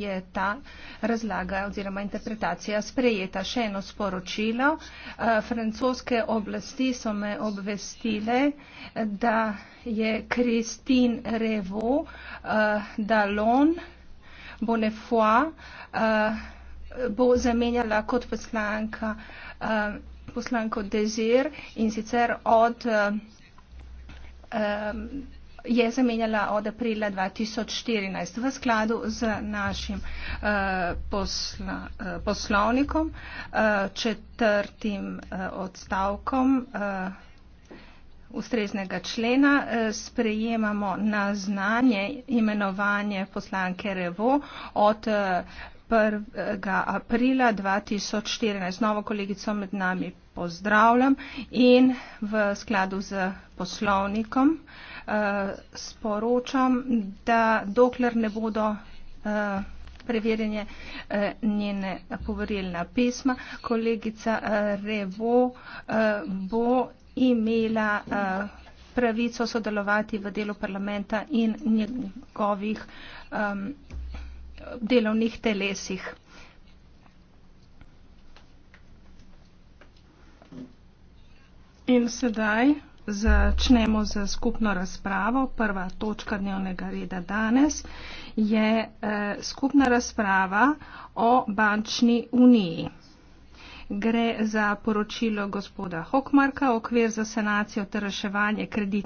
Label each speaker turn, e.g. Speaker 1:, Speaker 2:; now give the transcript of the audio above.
Speaker 1: je ta razlaga oziroma interpretacija sprejeta. Še eno sporočilo. Eh, francoske oblasti so me obvestile, da je Christine Revo eh, Dalon Bonefoy eh, bo zamenjala kot poslanka poslanko Dezir in sicer od je zamenjala od aprila 2014 v skladu z našim uh, posla, uh, poslovnikom, uh, četrtim uh, odstavkom uh, ustreznega člena. Uh, sprejemamo na znanje imenovanje poslanke Revo od uh, 1. aprila 2014. Novo kolegico med nami pozdravljam in v skladu z poslovnikom eh, sporočam, da dokler ne bodo eh, preverjene eh, njene povorilna pisma, kolegica eh, Revo eh, bo imela. Eh, pravico sodelovati v delu parlamenta in njegovih um, delovnih telesih. In sedaj začnemo z skupno razpravo. Prva točka dnevnega reda danes je eh, skupna razprava o bančni uniji. Gre za poročilo gospoda Hokmarka, okvir za sanacijo ter reševanje kreditnih.